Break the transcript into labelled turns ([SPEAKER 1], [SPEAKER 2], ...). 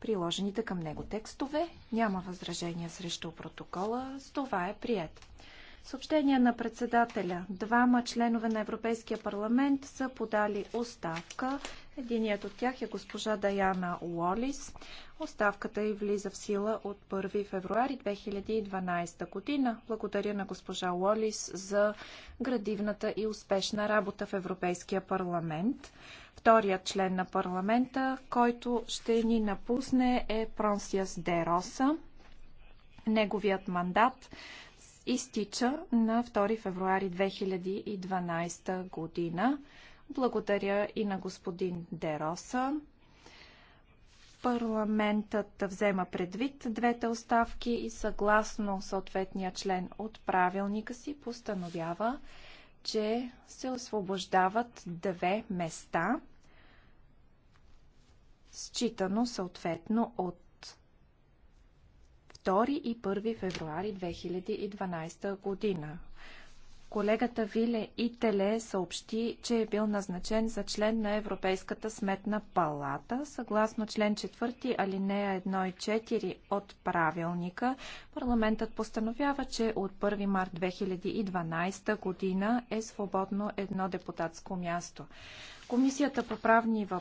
[SPEAKER 1] приложените към него текстове. Няма възражения срещу протокола. С това е прият. Съобщение на председателя. Двама членове на Европейския парламент са подали оставка. Единият от тях е госпожа Даяна Уолис. Оставката й влиза в сила от 1 февруари 2012 година. Благодаря на госпожа Уолис за градивната и успешна работа в Европейския парламент. Вторият член на парламента, който ще ни напусне е Пронсиас Де Роса. Неговият мандат изтича на 2 февруари 2012 година. Благодаря и на господин Дероса. Парламентът взема предвид двете оставки и съгласно съответния член от правилника си постановява, че се освобождават две места, считано съответно от 2 и 1 февруари 2012 година. Колегата Виле Ителе съобщи, че е бил назначен за член на Европейската сметна палата. Съгласно член 4, алинея 1 и 4 от правилника, парламентът постановява, че от 1 март 2012 година е свободно едно депутатско място. Комисията по правни въпроси